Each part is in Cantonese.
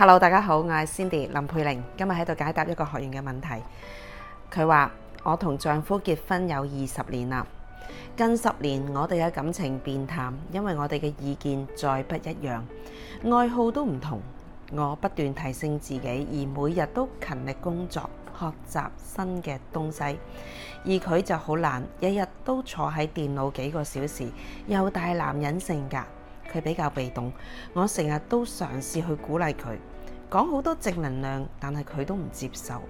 Hello，大家好，我係 Cindy 林佩玲，今日喺度解答一個學員嘅問題。佢話：我同丈夫結婚有二十年啦，近十年我哋嘅感情變淡，因為我哋嘅意見再不一樣，愛好都唔同。我不斷提升自己，而每日都勤力工作、學習新嘅東西，而佢就好懶，日日都坐喺電腦幾個小時，又大男人性格。佢比較被動，我成日都嘗試去鼓勵佢講好多正能量，但係佢都唔接受，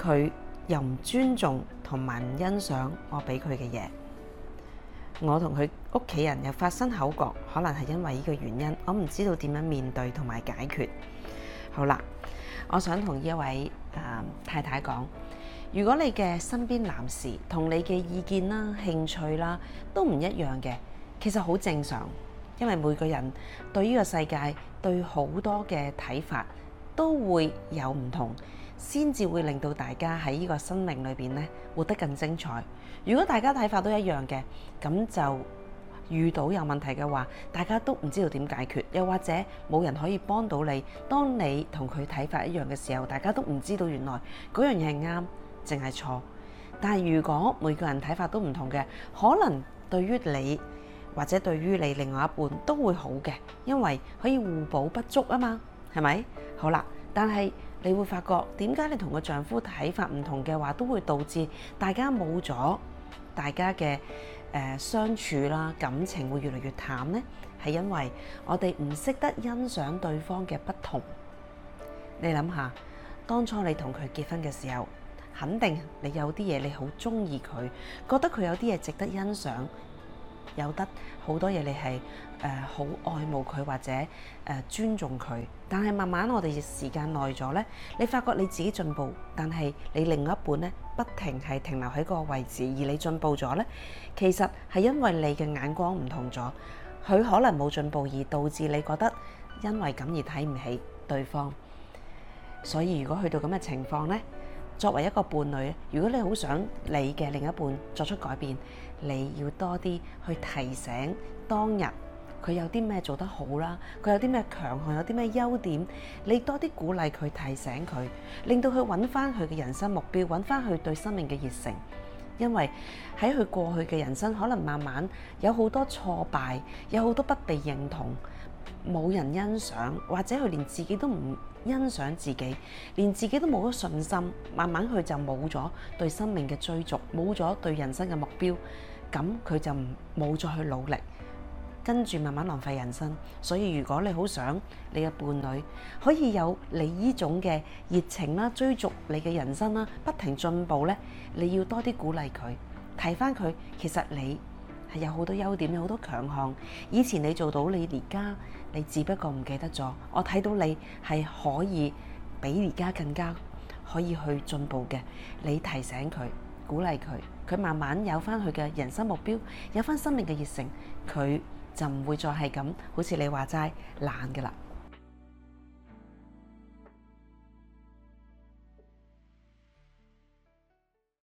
佢又唔尊重同埋唔欣賞我俾佢嘅嘢。我同佢屋企人又發生口角，可能係因為呢個原因，我唔知道點樣面對同埋解決。好啦，我想同呢一位啊、呃、太太講，如果你嘅身邊男士同你嘅意見啦、興趣啦都唔一樣嘅，其實好正常。因為每個人對呢個世界，對好多嘅睇法都會有唔同，先至會令到大家喺呢個生命裏邊咧活得更精彩。如果大家睇法都一樣嘅，咁就遇到有問題嘅話，大家都唔知道點解決，又或者冇人可以幫到你。當你同佢睇法一樣嘅時候，大家都唔知道原來嗰樣嘢係啱，淨係錯。但係如果每個人睇法都唔同嘅，可能對於你。或者對於你另外一半都會好嘅，因為可以互補不足啊嘛，係咪？好啦，但係你會發覺點解你同個丈夫睇法唔同嘅話，都會導致大家冇咗大家嘅誒、呃、相處啦，感情會越嚟越淡呢，係因為我哋唔識得欣賞對方嘅不同。你諗下，當初你同佢結婚嘅時候，肯定你有啲嘢你好中意佢，覺得佢有啲嘢值得欣賞。有得好多嘢，你係誒好愛慕佢或者誒、呃、尊重佢，但係慢慢我哋時間耐咗呢，你發覺你自己進步，但係你另一半呢，不停係停留喺嗰個位置，而你進步咗呢，其實係因為你嘅眼光唔同咗，佢可能冇進步，而導致你覺得因為咁而睇唔起對方，所以如果去到咁嘅情況呢。作為一個伴侶，如果你好想你嘅另一半作出改變，你要多啲去提醒當日佢有啲咩做得好啦，佢有啲咩強項，有啲咩優點，你多啲鼓勵佢，提醒佢，令到佢揾翻佢嘅人生目標，揾翻佢對生命嘅熱誠。因為喺佢過去嘅人生，可能慢慢有好多挫敗，有好多不被認同，冇人欣賞，或者佢連自己都唔～欣賞自己，連自己都冇咗信心，慢慢佢就冇咗對生命嘅追逐，冇咗對人生嘅目標，咁佢就冇再去努力，跟住慢慢浪費人生。所以如果你好想你嘅伴侶可以有你呢種嘅熱情啦、追逐你嘅人生啦、不停進步呢，你要多啲鼓勵佢，提翻佢。其實你。有好多優點，有好多強項。以前你做到，你而家你只不過唔記得咗。我睇到你係可以比而家更加可以去進步嘅。你提醒佢，鼓勵佢，佢慢慢有翻佢嘅人生目標，有翻生命嘅熱誠，佢就唔會再係咁好似你話齋懶噶啦。